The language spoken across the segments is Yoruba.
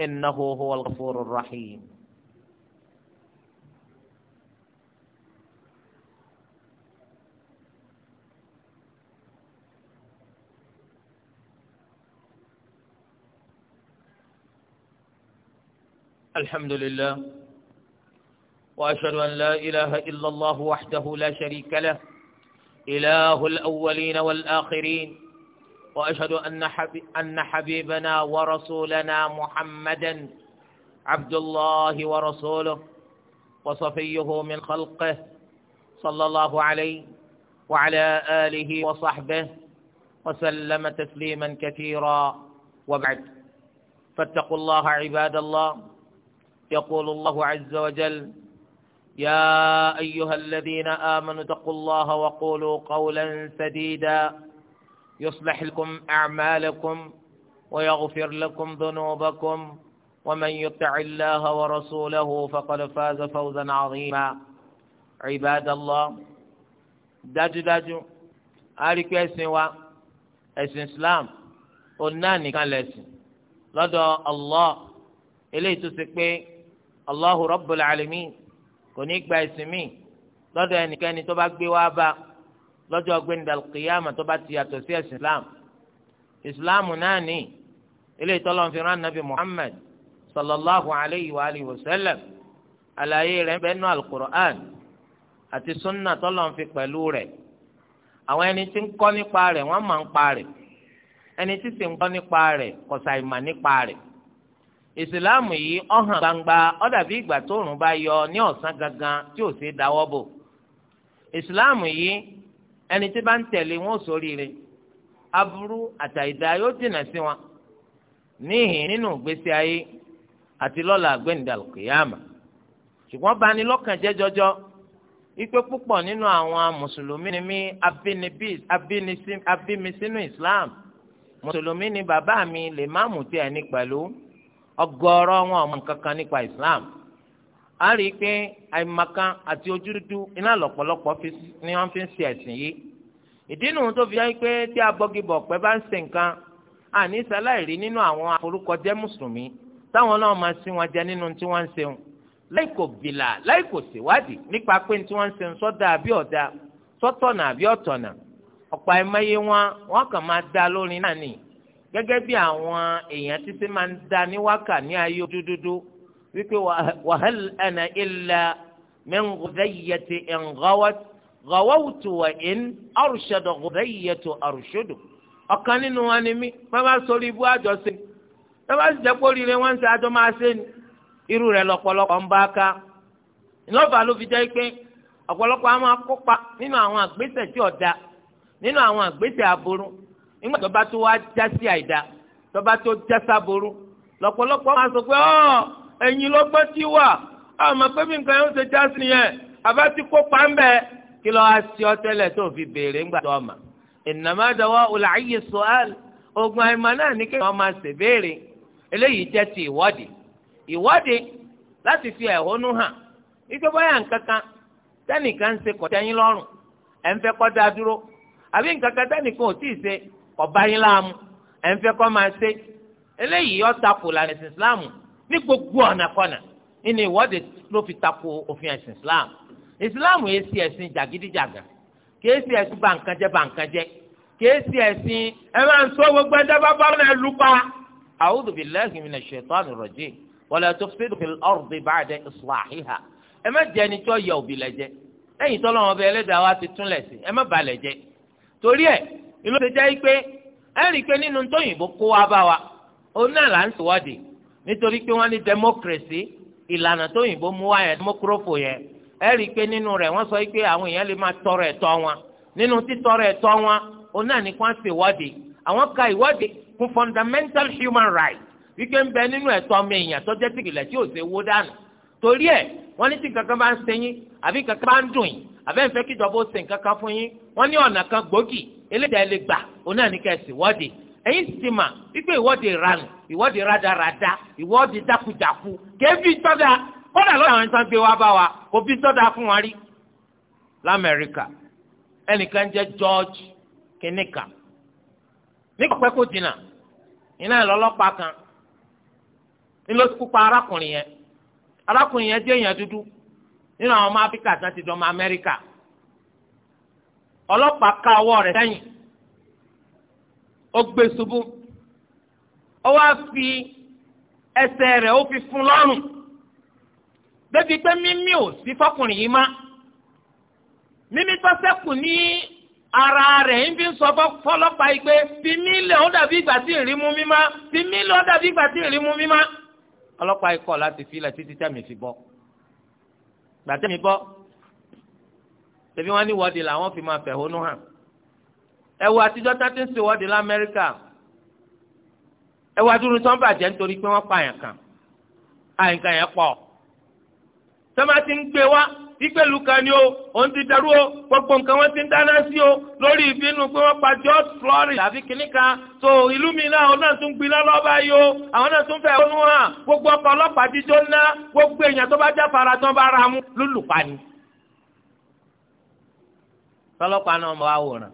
إنه هو الغفور الرحيم الحمد لله وأشهد أن لا إله إلا الله وحده لا شريك له إله الأولين والآخرين وأشهد أن, حبي أن حبيبنا ورسولنا محمدا عبد الله ورسوله وصفيه من خلقه صلى الله عليه وعلى آله وصحبه وسلم تسليما كثيرا وبعد فاتقوا الله عباد الله يقول الله عز وجل يا أيها الذين آمنوا اتقوا الله وقولوا قولا سديدا يصلح لكم أعمالكم ويغفر لكم ذنوبكم ومن يطع الله ورسوله فقد فاز فوزا عظيما عباد الله داجو داجو أريك أسن و أسن إسلام قلناني كان لسن لدى الله إليه تسكبي الله رب العالمين كونيك باسمي لدى أني كان تبقى بوابا lọ́jọ́ gbẹ̀ndàl kìyàmà tó bá ti yàtọ̀ sí ẹ̀sìn islam islam náà ní ilé ìtọ́lọ́ fi rán nabi muhammad sallallahu alayhi wa alihi wa sallam àlàyé rẹ̀ bẹ́ẹ̀ nù alukur'an àti sunna tọ́lọ́ fi pẹ̀lú rẹ̀ àwọn ẹni tí ń kọ́ nípa rẹ̀ wọ́n máa ń pa rẹ̀ ẹni tí sì ń kọ́ nípa rẹ̀ kọ̀sà ìmà nípa rẹ̀ ìsìláàmù yìí ọ̀hàn gbangba ó dàbí ìgbà tóòrùn bá yọ ní ọ̀sán gangan tí ò sí dáwọ́ bò ìsìláàmù yìí ẹni tí bá ń tẹ̀lé wọn ò sóríire aburú àtàìdá yóò dènà sí wọn níhìn nínú ìgbésí ayé àti lọ́la àgbẹ̀ǹdàlùkìyàmà ṣùgbọ́n bani lọ́kàn jẹ́ jọjọ ipe púpọ̀ nínú àwọn mùsùlùmí ni mí abími sínú Islam mùsùlùmí ni bàbá mi lè má mú tiẹ̀ ní pẹ̀lú ọ̀gọ̀rọ̀ wọn ọmọ kankan nípa Islam a rí i pé àìmọ̀kan àti ojú iná lọ́pọ̀lọpọ̀ ni wọ́n fi ń ṣe ẹ̀sìn yìí ìdí nu tó fi yẹ pé tí abọ́gibọ̀ pẹ́ bá ń ṣe nǹkan àní sáláìrí nínú àwọn aforúkọjẹ́ mùsùlùmí táwọn náà máa sí wọn jẹ nínú tí wọ́n ń ṣe wọn láì kò bìlà láì kò ṣèwádìí nípa pé tí wọ́n ń ṣe sọ́dà àbí ọ̀dà sọ́tọ̀nà àbí ọ̀tọ̀nà ọ̀pọ̀ ẹ̀mọ́yé wọn wọ́n kàn máa da lórí náà nì gẹ́gẹ́ bí àwọn èèyàn títí máa ń da ní wákà ní ayé dúdúdú wípé wàhálà ẹ̀nà ìlà mẹ́ngọ́dẹ́yẹtì ẹ̀ngọ́wọ́tì gọ̀wọ́wùtù wà in ọ̀rùṣọ̀dọ̀ gọ̀bẹ́yẹ̀tò ọ̀rùṣọ̀dọ̀ ọ̀kan nínú wọn ni mí bàbá sọ̀rọ̀ ibú àjọṣe bàbá sì jẹ́ pólíire wọn ń ṣe àjọ máa ṣe ni irú rẹ̀ lọ́pọ̀lọpọ̀ ń bá ká ìlọ́fà ló fi jẹ́ pé ọ̀pọ̀lọpọ̀ a máa kópa nínú àwọn àgbésẹ̀ tí ọ̀dà nínú àwọn àgbésẹ̀ aburú nígbà tó bá tó wá já sí àìdá tó bá tó já sáburú máa sọ pé ti wà ọ́ pé bí nǹkan yóò ṣe já sí yẹn àbá ti kópa ń bẹ́ẹ̀ kí ló wá sí ọ tẹ́lẹ̀ tó fi béèrè ńgbà tó ọmọ innama dawa'ul ayyi su'al ogun àìmọ̀ náà ní kéèyàn máa ṣèbéèrè eléyìí ti ìwọ́de ìwọ́de láti fi ẹ̀hónú hàn ike bóyá nkaka, tẹ́nìkan ń ṣe kọ̀tẹ́yìn lọ́rùn ẹ̀ ń fẹ́ nkaka dá dúró àbí nǹkankan tẹ́nìkan ò ṣe yín láàmú ẹ̀ ń fẹ́ máa ṣe eléyìí yọ tako lànà ẹ̀sìn islam ìsìláàmù yìí sí ẹ̀sìn jàgídíjàgà kìí sí ẹ̀sìn bàǹkanjẹ́ bàǹkanjẹ́ kìí sí ẹ̀sìn ẹ máa ń sọ gbogbo ẹ̀dá bá bá ọ̀nà ẹ̀lú pa. a'udhu billahi minash shaitanir rajim wala tufsidu fil ardi ba'da islahiha ẹ má jẹ́ ẹni tó yẹ òbí lẹ́jẹ́ lẹ́yìn tó lọ́wọ́ bẹ ẹlẹ́dàá wa ti túnlẹ̀ sí ẹ má bà lẹ̀ jẹ́ torí ẹ̀ ìlú ti jẹ́ pé ẹ rí i pé kó wa bá wa òun náà là ń ṣèwádìí nítorí democracy ìlànà tóyìnbó mú wáyà democrofo yẹn a pé nínú rẹ̀ wọ́n sọ pé àwọn èèyàn lè máa tọrọ ẹ̀tọ́ wọn nínú títọrọ ẹ̀tọ́ wọn òun náà ní wọ́n àwọn ka ìwọ́de fún fundamental human rights wípé ń bẹ nínú ẹ̀tọ́ ọmọ èèyàn tó jẹ́ tìkìlẹ̀ tí ò ṣe wó dànù torí ẹ̀ wọ́n ní tí kankan bá ń ṣe yín àbí kankan bá ń dùn yín àbẹ́ ń fẹ́ kí fún yín kan gbòógì lè kódà lọ́dọ̀ àwọn ìtàn gbé wá bá wa kò fi tọ́da fún wa rí lamẹ́ríkà ẹnìkan jẹ́ George kìnìkà nígbà pẹ́ kó iná ìlọ́lọ́pàá kan nílò tó kópa arákùnrin yẹn arákùnrin yẹn jẹ́ èèyàn dúdú nínú àwọn ọmọ áfíríkà tó ti dọ́mọ amẹ́ríkà ọlọ́pàá ká ọwọ́ rẹ̀ sẹ́yìn ó gbé ṣubú ó wá fi ẹsẹ̀ rẹ̀ ó fi fún lọ́rùn. débi pé mímí ò sí fọkùnrin yìí má mímí tó ṣẹ́kù ní ara rẹ̀ ń fi sọ fọlọ́pàá yìí pé fi mí lẹ̀ ó dàbí ìgbà tí ìrí mú mi má fi mí lẹ̀ ó dàbí ìgbà tí ìrí mú mi má ọlọ́pàá yìí kọ̀ láti fi ilẹ̀ títí tẹ̀mí fi bọ́ gbàtẹ́mi bọ́ tẹ̀bí wọn ní wọ́ọ̀dì làwọn fi máa fẹ̀hónú hàn ẹ̀wù àtijọ́ tá ń ṣe wọ́ọ̀dì lamẹ́ríkà ẹ̀wù àdúró tí wọ́n nítorí pé wọ́n pààyàn kan àyìnká yẹn pọ̀ sọ́mà ti ń gbé wá ìpèlú kan ni o òun ti dàrú o gbogbo nǹkan wọn ti ń dáná sí o lórí ìbínú pé wọ́n pa George Floyd àfi kìnnì kan so ìlú mi náà àwọn náà tún gbin lọ́lọ́ báyìí o àwọn náà tún fẹ́ ọ̀nù hàn gbogbo ọkọ̀ ọlọ́pàá jíjó ńlá gbogbo èèyàn tó bá já fara tán bá ra mú lólùpani. tọ́lọ́pàá náà mọ àwòrán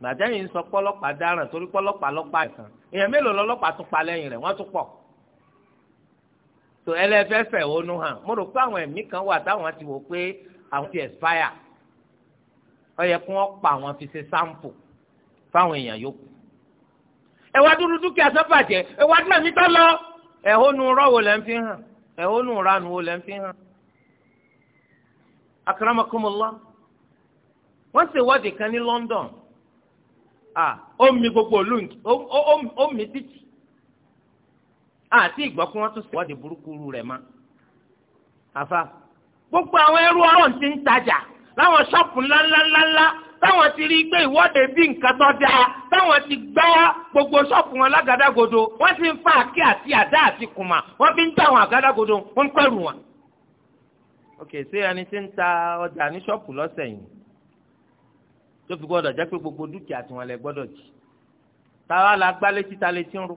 gbàdẹ́yìn sọ pọ́lọ́pàá dáràn torí pọ́lọ́pàá lọ́pàá ẹ̀sán èèyàn mélòó lọ́lọ́pàá so ẹlẹ́fẹ́ fẹ̀hónú hàn mo rò pé àwọn kan wà táwọn ti wò pé àwọn ti expire ó yẹ pa àwọn fi ṣe sampo fáwọn èèyàn yòókù ẹ dúró dúkìá sọ́bàjẹ́ ẹ dúró mi lọ ẹ̀hónú lẹ́ ń fi hàn ẹ̀hónú ranu wo lẹ́ ń fi hàn wọ́n ṣe ìwádìí kan ní London ah àti ìgbọ́ kí wọ́n tún ṣèwọ́de burúkú rẹ̀ ma àfa gbogbo àwọn ẹrú ọ̀rọ̀ ti ń tajà láwọn ṣọ́ọ̀pù ńláńláńláńlá táwọn ti rí gbé ìwọ́de bí nǹkan tó dáa táwọn ti gbá gbogbo ṣọ́ọ̀pù wọn lágàdàgodo wọ́n ti ń fa àké àti àdá àti kùmà wọ́n fi ń tà wọn àgàdàgodo wọ́n ń pẹ̀rù wọn. ok ṣé ẹni tí ń ta ọjà ní ṣọ́ọ̀pù lọ́sẹ̀ yìí tó fi gbọ́dọ̀ jẹ́ pé gbogbo dúkìá tiwọn lẹ gbọ́dọ̀ jì táwa la gbá létí létí ń rú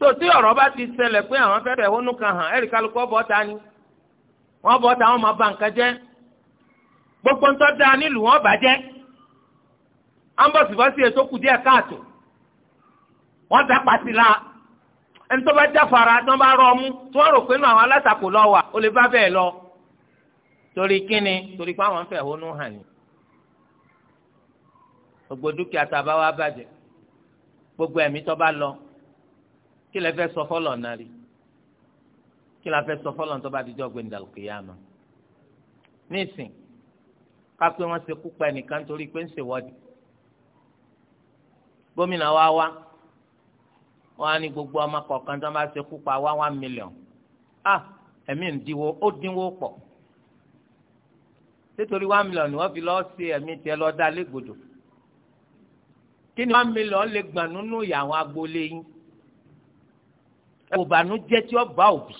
so tí ọ̀rọ̀ bá ti ṣẹlẹ̀ pé àwọn fẹ́ẹ́ fẹ̀hónú kan hàn ẹ̀rí kálukú ọ̀bọ̀ ta ni wọ́n bọ̀ ta wọ́n máa ba nǹkan jẹ́ gbogbo ń tọ́ da nílùú wọn bàjẹ́ ambọ̀sibọ́sì ètò kù díẹ̀ káàtó wọ́n da pàṣẹ la ẹni tó bá jáfara tó bá rọ ọmú tí wọ́n rò pé nù àwọn alátakò lọ wà ó lè bá bẹ́ẹ̀ lọ torí kíni torí pé àwọn fẹ̀hónú hàn ni gbogbo dúkìá tá a bá wá bàjẹ́ gbogbo ẹ̀mí tó bá lọ kí lẹ fẹ́ sọ fọlọ̀ náà rí kí lẹ fẹ́ sọ fọlọ̀ tó bá dijọ́ gbé ndàlù kìyàmà nísìn kápẹ́ wọn ṣe kú pa ẹnìkan torí pé ń ṣèwọ́de gómìnà wa wá wọn á ní gbogbo ọmọ kọ̀ọ̀kan tó bá ṣe kú wá one million ah ẹ̀mí ń dínwó ó dínwó pọ̀ nítorí one million ni wọ́n fi lọ́ọ́ ṣe ẹ̀mí tiẹ̀ lọ́ọ́ dá légbodò kí ni one million lè gbà nínú ìyá agboolé yín ẹ wò bànújẹ́ tí ó bá òbí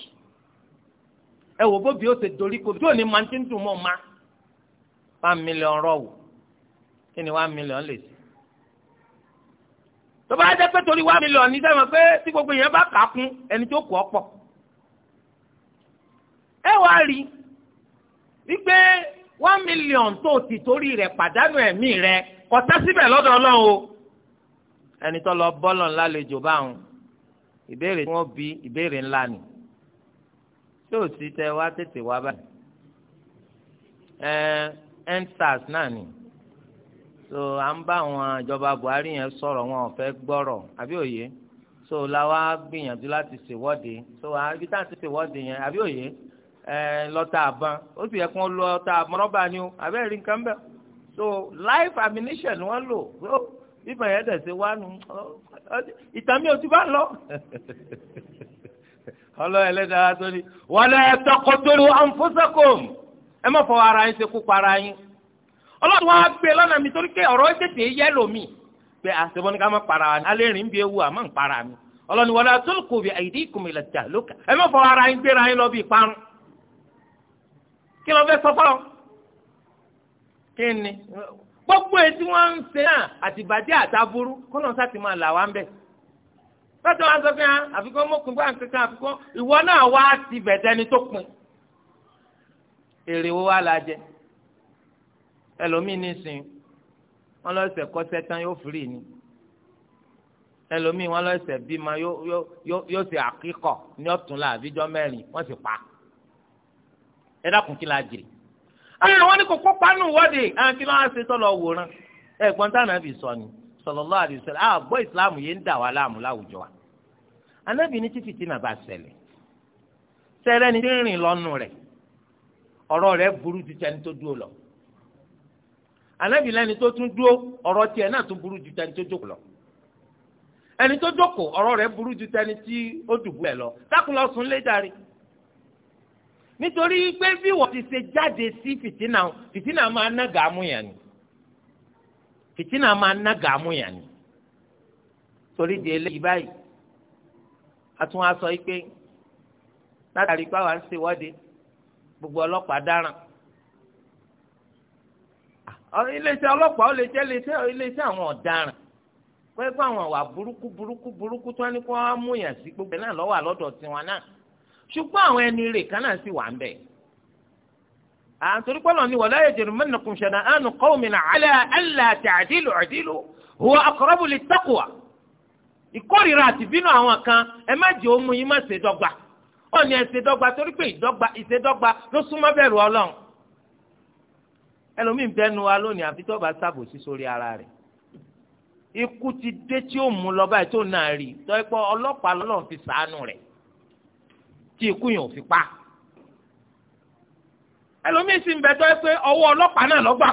ẹ wò bóbi ó ti dorí kò tí ò ní máa ń dùn mọ́ ma one million rọ̀wù kí ni one million lè sí. tó bá jẹ́ pé torí one million ní sẹ́wọ̀n pé tí gbogbo èèyàn bá kà á kún ẹni tó kù ọ́ pọ̀ ẹ wá rí wípé one million tó ti torí rẹ̀ pàdánù ẹ̀mí rẹ̀ kọ̀tá síbẹ̀ lọ́dọ̀ ọlọ́run o ẹni tó lọ bọ́lọ̀ ńlá lè jò báwọn ìbéèrè tí wọ́n bi ìbéèrè ńlá ni tí ò sí tẹ wá tètè wá báyìí ẹ endsars náà ni so à ń bá àwọn ìjọba Buhari yẹn sọ̀rọ̀ wọn ò fẹ́ gbọ́rọ̀ àbí òye so la wá gbìyànjú láti ṣèwọ́de so àbí tá à ń ti ṣèwọ́de yẹn àbí òye ẹ lọ́tà àbọ̀n ó sì yẹ kí wọ́n lọ́tà àbọ̀n rọ́bà ni o àbẹ́rẹ́ rí nǹkan bẹ́ẹ̀ so life ammunition wọ́n lò so bíbẹ̀ yẹn dẹ̀ ṣe wá nu ìtàmì òtún bá lọ. ọlọ́run ẹlẹ́dàá tó ní wàlẹ̀ tọkọtoro ànfọ́sẹ́kọ̀m ẹ má fọ ara yín ṣe kú para yín. ọlọ́run wa gbé lọ́nà mi torí pé ọ̀rọ̀ tètè yẹ lómi pé àṣebọ́n ní ká má para wa ní alẹ́ rìn bí ewu àmọ́ ń para mi. ọlọ́run wàlẹ̀ àtúnkù bí àyídí ìkùnmí ilẹ̀ jà lóka ẹ má fọ ara yín gbéra yín lọ bí ìparun. kí ló fẹ́ sọ fọ́ gbogbo èyí tí wọ́n ń ṣe náà àtìbàjẹ́ àtàbúrú kọ́nà sátì máa là wá ń bẹ̀. sọ́tọ̀ wa sọ fún wa ah, àfikún mọ́kùn bá nǹkan kan àfikún ìwọ náà wá ti bẹ̀tẹ̀ ni tó pin. èrè wo wá la jẹ ẹlòmíín nísìnyí wọn lọ́sẹ̀ kọ́sẹ́ tán yóò firi ni ẹlòmíín wọn lọ́sẹ̀ bímọ yóò ṣe àkíkọ̀ ní ọ̀túnla àbíjọ́ mẹ́rin wọ́n sì pa ẹ dákun kí la jèrè àwọn ah, ní kò kópa nù wọ́de àwọn ah, kí ló wá ṣe tọ́lọ̀ wòran ẹ̀gbọ́n tí sọ ni sallallahu alaihi wasallam àgbọ̀ ah, ìsìláàmù yẹn ń dà wá láàmú láwùjọ wa ànábì ní tí fìtínà bá ṣẹlẹ̀ lọ Anabi lẹ́ni tó tún dúró ọ̀rọ̀ tiẹ̀ náà tún burú ju tẹni tó lọ ẹni tó jókòó ọ̀rọ̀ rẹ̀ burú ju tẹni lọ sùn lé nítorí pé bí wọ́n ti ṣe jáde sí fìtínà fìtínà máa ná gàámù yàn ni fìtínà máa ná gàámù yàn ni torí di eléyìí báyìí atún wa sọ pé látàrí pé àwa ń ṣèwọ́de gbogbo ọlọ́pàá dáràn iléeṣẹ́ ọlọ́pàá ó lè jẹ́ iléeṣẹ́ àwọn ọ̀daràn pé fún àwọn àwà burúkú burúkú burúkú tí wọ́n ní kó wọ́n mú yàn sí gbogbo náà lọ́wọ́ àlọ́dọ̀ tiwọn náà ṣùgbọ́n àwọn ẹni rè kan náà sì wà ń bẹ̀. àtúntò pọ́lọ̀ ni wala yajrimannakum shana'anu qawmin ala alla ta'dilu i'dilu huwa aqrabu lit-taqwa. ìkórìíra àti bínú àwọn kan ẹ má jẹ́ ó mú yín má ṣe dọ́gba ọ̀nì ẹ ṣe dọ́gba torí pé ìdọ́gba ìṣedọ́gba ló súnmọ́ bẹ̀rù ọlọ́run ẹlòmíín bẹnu wa lónìí àfi tí ikú yẹn ò fi pa ẹlòmíín sì ń bẹ tọ́ pé ọwọ́ ọlọ́pàá náà lọ́gbà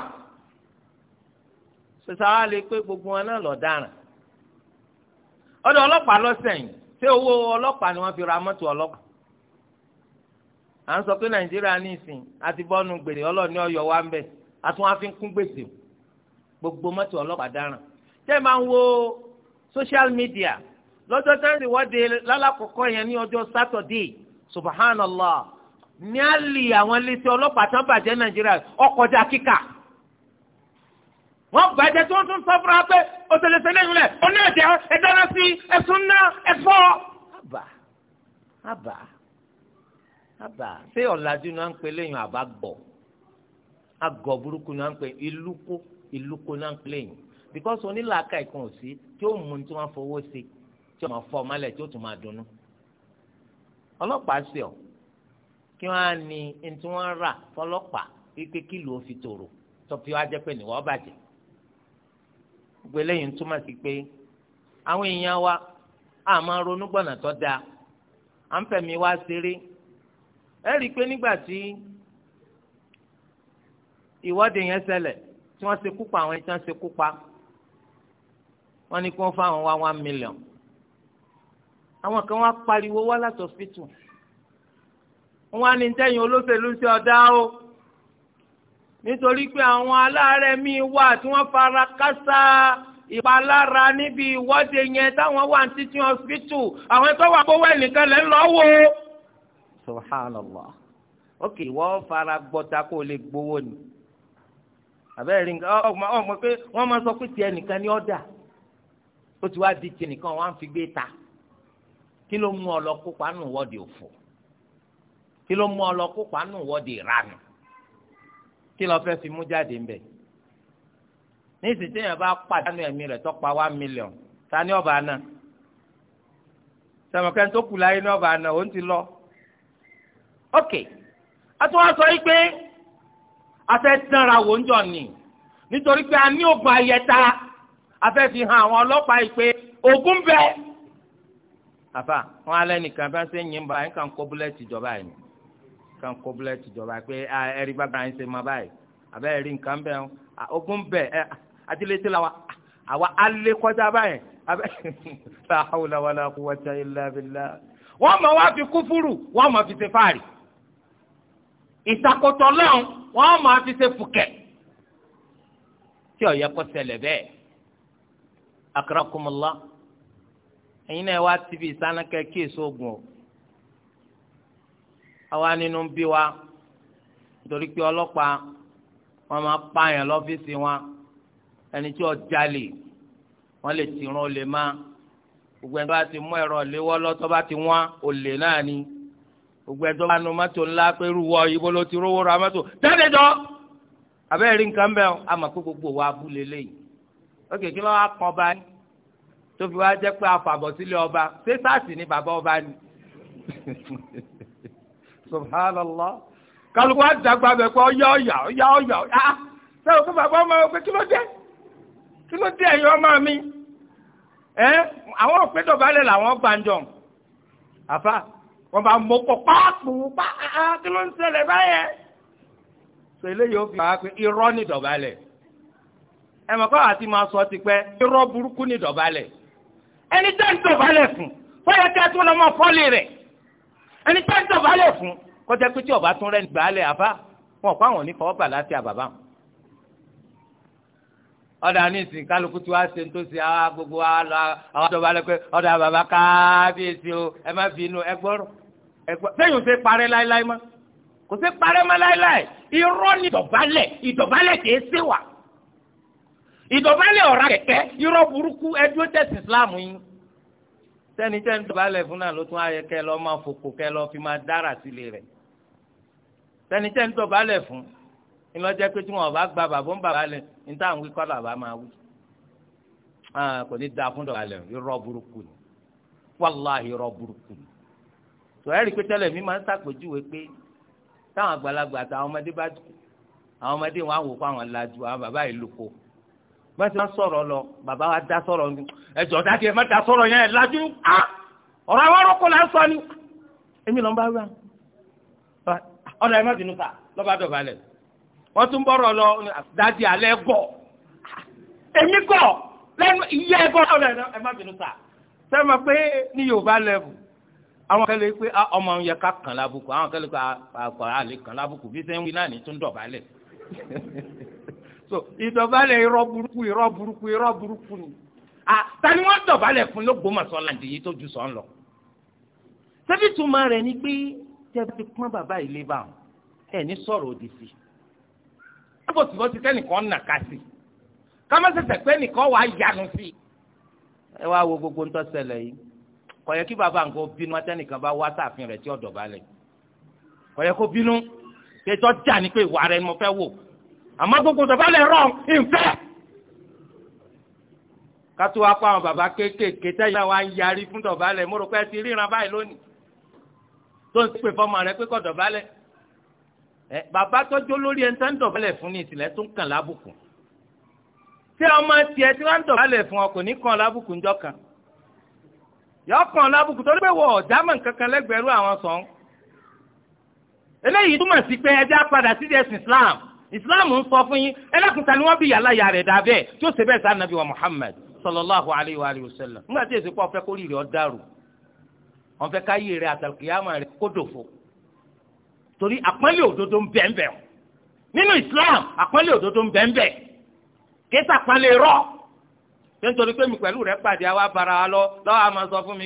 sọ̀tà wa lè pé gbogbo wọn náà lọ dáràn ọ̀dọ̀ ọlọ́pàá lọ́sẹ̀yìn ṣé owó ọlọ́pàá ni wọ́n fi ra mọ́tò ọlọ́pàá à ń sọ pé nàìjíríà ní ìsìn àti bọ́ọ̀nù gbèrè ọlọ́ọ̀ni ọ̀yọ́ wa ń bẹ̀ àtún wá fi ń kún gbèsè gbogbo mọ́tò ọlọ́pàá dáràn tẹ́ máa ń wo social media lọ́jọ́ tẹ́rì wọ́de lálàkọ̀kọ́ yẹn ní ọjọ́ sátọ̀dẹ̀ẹ́ subhanallah ní àlì àwọn iléeṣẹ́ ọlọ́pàá tán bàjẹ́ nàìjíríà ọkọjá kíkà wọ́n bàjẹ́ tí wọ́n tún sọ fúnra pé òtẹlẹsẹ lẹ́yìn rẹ̀ ọ̀nà ẹ̀jẹ̀ ẹ̀dáná sí ẹ̀sùn náà ẹ̀fọ́. àbà àbà àbà ṣé ọ̀làjú náà ń pè lẹ́yìn àbá gbọ̀ àgọ̀ burúkú náà ń pè ìlúkó ìlúkó náà ń pè lẹ́yìn because onílàákà ìkan òsì tí ó mú tí wọ́n fowó sí tí wọ́n fọ́ ọmọlẹ̀ tí ó tún máa dunnú ọlọ́pàá sí ọ kí wọ́n á ní ní tí wọ́n rà fọlọ́pàá wípé kí ló tòrò tọ́fi wá jẹ́ pé nìwọ́ bàjẹ́ gbogbo túmọ̀ sí pé àwọn èèyàn wa a máa ronú gbọ̀nà tó dáa à ń fẹ̀mí wá ṣeré ẹ rí i pé nígbà tí ìwọ́de yẹn ṣẹlẹ̀ tí wọ́n ṣekú pa àwọn ẹni tí wọ́n ṣekú pa wọ́n ní kí wọ́n fáwọn wá one million àwọn kan wá pariwo wá látọ̀ fìtù wọn á ní olóṣèlú sí ọ̀dá o nítorí pé àwọn aláàárẹ̀ míì wà tí wọ́n fara kásá ìpalára níbi ìwọ́de yẹn táwọn wà ní títí hospital àwọn ẹ̀tọ́ wà kówó ẹnìkan lẹ́ ń lọ wò. subhanallah ok wọ́n fara gbọ́ta kó lè gbowó ni àbẹ́rẹ́ ọmọ ọmọ pé wọ́n máa sọ pé tiẹ̀ nìkan ni ọ̀dà ó ti wá di tiẹ̀ nìkan wọ́n á fi gbé ta kí ló mú ọ lọ kópa nù wọ́ọ̀dì òfò kí ló mú ọ lọ kópa nù wọ́ọ̀dì ìranù kí ló fẹ́ fi mú jáde ń bẹ̀. bá pàdánù ẹ̀mí rẹ̀ tọ́pa one million ta ni ọba náà sọmọkẹ́ tó kù láyé ní ọba náà òun ti lọ. ok àtúwọ́n sọ yìí pé a fẹ́ tẹ́ra wò ń jọ nì nítorí pé a ní ògùn ayẹta a fi hàn àwọn ọlọ́pàá yìí pé ògùn bẹ́ẹ̀ àfà wọn alẹ́ nìkan bá ṣe ń yín bá yín kàn kó búlẹ́ẹ̀tì jọba yìí ni kàn kó búlẹ́ẹ̀tì jọba pé ẹ̀rí bàbá yín ṣe máa báyìí àbẹ́ ẹ̀rí nǹkan bẹ́ẹ̀ ogun bẹ́ẹ̀ ẹ̀ adílẹ́tì la wa àwa alẹ́ kọjá báyìí àbẹ́ la hawla wala quwwata illa billah wọ́n máa wá fi kúfúrù wọ́n máa fi ṣe fáàrí ìtakòtò lọ́hùn wọ́n máa fi ṣe fùkẹ́ tí ó yẹ kó ṣẹlẹ̀ bẹ́ẹ̀ akrakumullah ẹ̀yin náà wá tv ìsánákẹ́ kí èso oògùn o àwa nínú ń bí wa nítorí pé ọlọ́pàá wọn máa pààyàn lọ́fíìsì wọn ẹni tí ó jalè wọn lè tìrún olè má gbogbo ẹni tó bá ti mú ẹ̀rọ léwọ́ lọ́tọ́ bá ti wọ́n olè náà ni gbogbo ẹni tó bá nu mọ́tò ńlá pẹ̀lú wọ ibo ló ti rówó ra mọ́tò jáde jọ abẹ́rẹ́ rí nǹkan bẹ́ẹ̀ àmọ́ pé gbogbo wa abúlé lẹ́yìn ó kèké lọ́wọ́ akọ́ báyìí tó fi wá jẹ́ pé afàbọ̀ sílé ọba ṣé sáàsì ni bàbá ọba ni subhanallah kálukú àdàgbà bẹ̀ pé ọ̀yà ọ̀yà ọ̀yà ọ̀yà ọ̀yà ah, ṣé o fún bàbá ọmọ rẹ pé kí ló dé kí ló dé ẹ̀yin ọmọ mi ẹ àwọn òpétọ̀ balẹ̀ làwọn gbàǹjọ àfa wọn bá mọ́kọ páàpù páà kí ló ń ṣẹlẹ̀ báyẹn ṣe eléyìí ó fi wá pé irọ́ ni dọ̀bálẹ̀ ẹ mọ̀ kọ́ àti máa sọ ti pẹ́ irọ́ burúkú ni dọ̀bálẹ̀ ẹni tá ń dọ̀bálẹ̀ fún fọyà tí a tún lọ mọ fọ́ọ̀lì rẹ̀ ẹni tá ń dọ̀bálẹ̀ fún kọjá pé tí ọba tún rẹ̀ gbàálẹ̀ àbá wọn kọ́ àwọn onífọwọ́ gbà láti àbàbà wọn. ọ̀dà ní ìsìn kálukú tí wàá ṣe ń tó ṣe àwa gbogbo wa lọ àwọn dọ̀bálẹ̀ pé ọ̀dà bàbá kábíyèsí o ẹ má fi inú ẹgbọ́rọ̀ ẹgbọ́rọ̀ sẹ́yìn ò ṣe parẹ́ láéláé mọ́ kò ṣe parẹ́ mọ́ láéláé irọ́ ni ìdọ̀bálẹ̀ ìdọ̀bálẹ̀ kì í ṣèwà ìdọ̀bálẹ̀ ọ̀rá kẹ̀kẹ́ irọ́ burúkú ẹdúró tẹ̀sí islam yín sẹ́ni tẹ́ ń dọ̀bálẹ̀ fún náà ló tún ayẹ kẹ́ lọ́ máa fòkò kẹ́ lọ́ fi máa dára sílé rẹ̀ sẹ́ni tẹ́ ń dọ̀bálẹ̀ fún ìlọ́jẹ́ pé tí wọn bá gba bàbá ń bàbá lẹ̀ ní táwọn wí kọ́ bàbá máa wí kò ní da fún dọ̀bálẹ̀ irọ́ burúkú ni wàláhì irọ́ burúkú ni tòwárí pé tẹ́lẹ̀ mi máa ń sàpèjúwe bá ti wá sọ̀rọ̀ lọ bàbá wa dá sọ̀rọ̀ ni ẹjọ́ dájú ẹ má dá sọ̀rọ̀ yẹn lájú á ọ̀rọ̀ àwọn ọ̀rọ̀ kò là sọ ni. èmi ló bá wíwá ọ̀dà ẹ má bínú ká lọ́ba dọ̀bálẹ̀ wọ́n tún bọ̀rọ̀ lọ dájú alẹ́ gọ̀ èmi gọ̀ lẹ́nu ìyá ẹ gọ̀ ọ̀dà ẹ má bínú ká sẹ́ẹ̀ mọ̀ pé ní Yorùbá lẹ́bù àwọn kẹlẹ pé ah, ọmọ yẹ ká kàn lábùkù àwọn kẹlẹ pé ah, àkọ́rà àlè kàn lábùkù bí sẹ́yìn wí náà ní tún dọ̀bálẹ̀ so ìdọ̀bálẹ̀ irọ́ burúkú irọ́ burúkú irọ́ burúkú ni àtàní wọ́n dọ̀bálẹ̀ fún lÓgbómọ̀ṣọ́ láǹdì yìí tó ju sọ̀ ń lọ. sẹ́bí túmọ̀ rẹ̀ ni pé tẹ́bí ti pọ́n bàbá ìlé bá wọn ẹ̀ ní sọ̀rọ̀ òdì sí i. lábò tí wọ́n ti tẹ́nìkan nà ká sí i ká má ṣẹ̀ṣẹ̀ pé nìkan wàá yanu sí i. ẹ wá wo gbogbo ńtọ́ ṣẹlẹ̀ yìí kò yẹ kí bàbá nǹkan bínú atẹ́nìkan bá wá sáàfin rẹ̀ tí ọ̀dọ̀ balẹ̀ kò yẹ kó bínú pé tọ́jà ni pé ìwà rẹ̀ ni mo fẹ́ wò àmọ́ gbogbo sọ̀fálẹ̀ rọ̀ ìfẹ́. kátó wá pa àwọn bàbá kéékèèké tẹ́yìn náà wá ń yarí fún dọ̀bálẹ̀ mo rò pé ẹ ti ríran báyìí lónìí tó ń pè fọmọ rẹ pé kó dọ̀bálẹ̀ ẹ bàbá tọ́jú lórí ẹni tó ń dọ̀bálẹ̀ fún ní ìsìlẹ̀ tó ń kàn lábùkù tí ọmọ tiẹ̀ tí wọ́n ń dọ̀bálẹ̀ fún ọ kò ní kàn lábùkù ńjọ́ kan yọ kàn lábùkù torí pé wọ́n ọ̀dámọ̀ nǹkan lẹ́gbẹ̀rún àwọn sọ̀n eléyìí túmọ̀ sí pé ẹjẹ́ Islam islam ń sọ fún yín ẹlẹ́kùnta ni wọ́n bí yàrá yàrá ẹ̀dá bẹ́ẹ̀ tí ó ṣe bẹ́ẹ̀ sáà nàbí wa muhammad sallallahu alayhi wa alihi wa sallam nígbà tí èsì pọ̀ fẹ́ kórìí rẹ̀ ọ́ dàrú wọ́n fẹ́ káyé rẹ̀ àtàkìyàmọ̀ rẹ̀ kó dòfo torí àpọ́nlé òdodo ń bẹ́ẹ̀nbẹ́ nínú islam àpọ́nlé òdodo ń bẹ́ẹ̀nbẹ́ kéésà pọ́nlé rọ́ ṣé nítorí pé mi pẹ̀lú rẹ̀ pàdé àwa bara wa lọ lọ́wọ́ a máa sọ fún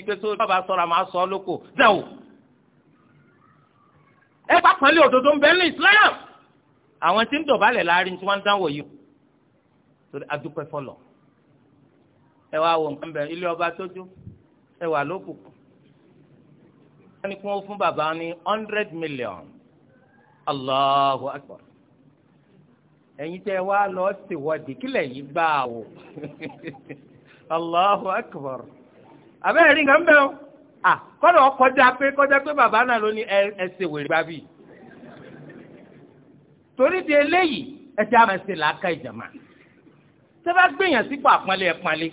òdodo ń bẹ́ẹ̀ nínú islam àwọn tí ń dọ̀bálẹ̀ láàrin tí wọ́n ń dánwò yìí torí adúpẹ́ fọlọ̀ ẹ wá wọ nǹkan bẹ̀rẹ̀ ilé ọba tójú ẹ wà lókùnkùn wọ́n ní kí wọ́n fún bàbá ní hundred million allahu akbar ẹ̀yin tẹ́ wá lọ síwọ́dì kílẹ̀ yìí gbà wò allahu akbar abẹ́rẹ́ rí nǹkan bẹ́ẹ̀ o kọ́dọ̀ kọjá pé kọjá pé bàbá náà ló ní ẹ ẹ ṣe wèrè bábí torí di eléyìí ẹjẹ àmọ́ ẹsẹ làákà ìjàmà tẹ́fà gbìyàn sípò àpọ́nlé ẹ pọ́nlé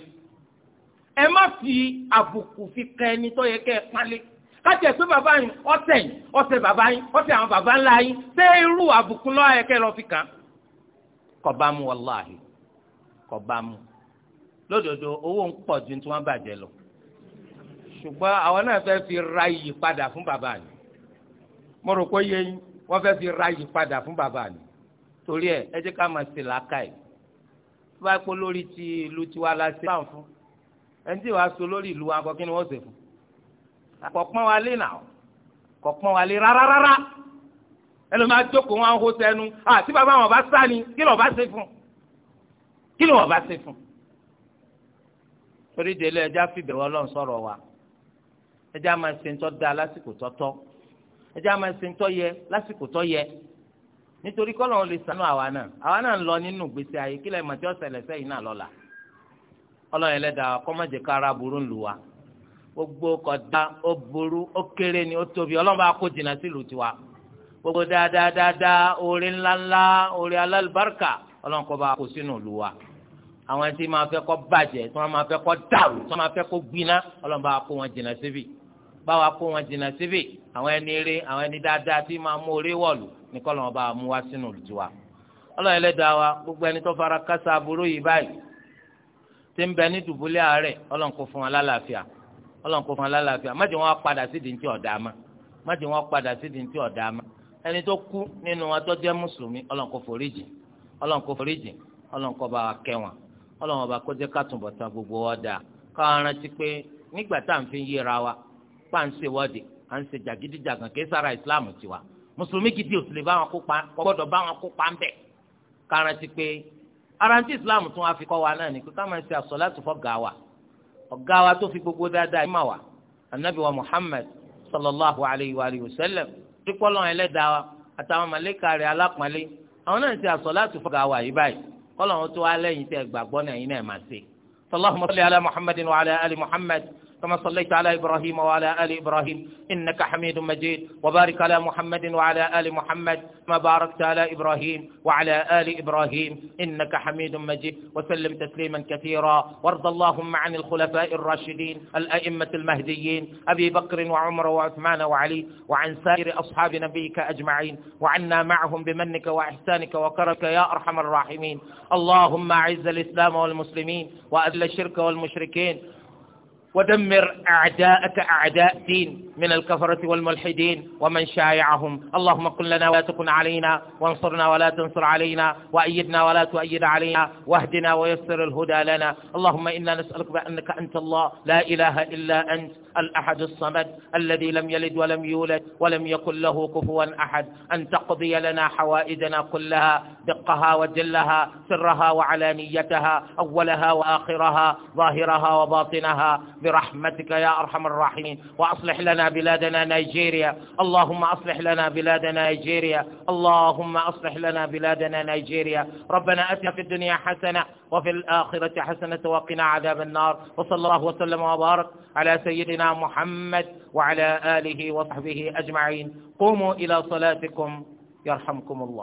ẹ má fi àbùkù fi kan ẹni tó yẹ kẹ́ ẹ pọ́nlé kájẹ pé bàbá yín ọ̀tẹ̀ yín ọ̀tẹ̀ bàbá yín ọ̀tẹ̀ àwọn bàbá ńlá yín ṣé irú àbùkù lọ yẹ kẹ́ lọ fi kàn kọba mu wàláhì kọba mu lódodo owó ń pọ̀ ju tí wọ́n bàjẹ́ lọ ṣùgbọ́n àwọn náà fẹ́ fi ra iyì padà fún bàbá yín mo rò pé yẹ yín wọ́n fẹ́ fi ra yí padà fún bàbá ni torí ẹ ẹ jẹ́ ká máa ṣe làákàyè tó bá pọ̀ lórí ti ìlú tiwa la ṣe báwọn fún ẹni tí wàá so lórí ìlú wa kọ́ kí ni wọ́n ṣe fún àkọ́pọ́n wa lé nà kọ́pọ́n wa lé rárá rárá ẹlòmíà jókòó wọn hó sẹ́nu àti bàbá wọn bá sá ni kí ni wọ́n bá ṣe fún kí ni wọ́n bá ṣe fún torí délé ẹjá fìbẹ̀wọ́ lọ́n sọ̀rọ̀ wa ẹjá máa ṣe ń tọ́ ẹ jẹ́ àmọ́ ẹsẹ̀ ńtọ́ yẹ lásìkò tọ́ yẹ nítorí kọ́lọ́run lè sànú àwa náà àwa náà ń lọ nínú gbèsè ayé kílẹ̀ mọ̀tí ọ̀sẹ̀lẹ̀ sẹ́yìn náà lọ́la ọlọ́run ẹlẹ́dàá kọ́mọ̀jẹ̀ kára burú ń lù wa gbogbo kọ̀dá ó burú ó kéré ni ó tóbi ọlọ́run bá kó jìnnà sílùú tiwa gbogbo dáadáa dáadáa oore ńláńlá oore alálùbáríkà ọlọ́run kọ́ bá kó sínú ìlú wa àwọn tí máa fẹ́ kó bàjẹ́ tí wọ́n máa fẹ́ kó dàrú tí wọ́n máa fẹ́ kó gbiná ọlọ́run bá kó wọn jìnnà síbi ba kó wọn jìnnà síbì àwọn ẹni eré àwọn ẹni dáadáa tí máa mú orí wọ̀lù ní kọ́lọ́mọ bá mú wá sínú olùtiwa gbogbo ẹni tó fara kásá aburú yìí báyìí bẹ ní dùbúlẹ̀ ọlọ́run kó fún wọn lálàáfíà ti ọ̀dà ama má jẹ́ wọn padà ní ti ọ̀dà ama ẹni tó kú nínú wọn tó jẹ́ mùsùlùmí pa à ń ṣe wọ́ọ̀dì à ń ṣe jàgídíjàgàn kì í sára ìsìláàmù tiwa mùsùlùmí gidi òsì lè bá wọn kópa gbọ́dọ̀ bá wọn kópa ń bẹ̀ karantí pé ara ti ìsìláàmù tún wá fi kọ́ wa náà ni pé ká máa ṣe àsọ̀láàtì fọ́gá wa ọ̀gá wa tó fi gbogbo dáadáa ìmọ̀ wa anabi wa muhammad sallallahu alayhi wa sallam dúpọ́lọ́ ẹlẹ́dàá wa àtàwọn màlẹ́kà rẹ̀ alápọ̀nlé àwọn náà ṣe àsọ̀láàtì fọ́gá wa yìí báyìí kọ́lọ́hún tó wá lẹ́yìn tẹ́ gbàgbọ́ náà yìí náà máa ṣe sallallahu alayhi wa sallam muhammad wa alayhi wa sallam كما صليت على إبراهيم وعلى آل إبراهيم إنك حميد مجيد وبارك على محمد وعلى آل محمد ما باركت على إبراهيم وعلى آل إبراهيم إنك حميد مجيد وسلم تسليما كثيرا وارض اللهم عن الخلفاء الراشدين الأئمة المهديين أبي بكر وعمر وعثمان وعلي وعن سائر أصحاب نبيك أجمعين وعنا معهم بمنك وإحسانك وكرمك يا أرحم الراحمين اللهم أعز الإسلام والمسلمين وأذل الشرك والمشركين ودمر أعداءك أعداء دين من الكفرة والملحدين ومن شايعهم اللهم كن لنا ولا تكن علينا وانصرنا ولا تنصر علينا وأيدنا ولا تؤيد علينا واهدنا ويسر الهدى لنا اللهم إنا نسألك بأنك أنت الله لا إله إلا أنت الأحد الصمد الذي لم يلد ولم يولد ولم يكن له كفوا أحد أن تقضي لنا حوائجنا كلها دقها وجلها سرها وعلانيتها أولها وآخرها ظاهرها وباطنها برحمتك يا أرحم الراحمين وأصلح لنا بلادنا نيجيريا اللهم أصلح لنا بلادنا نيجيريا اللهم أصلح لنا بلادنا نيجيريا ربنا أتنا في الدنيا حسنة وفي الآخرة حسنة وقنا عذاب النار وصلى الله وسلم وبارك على سيدنا محمد وعلى آله وصحبه أجمعين قوموا إلى صلاتكم يرحمكم الله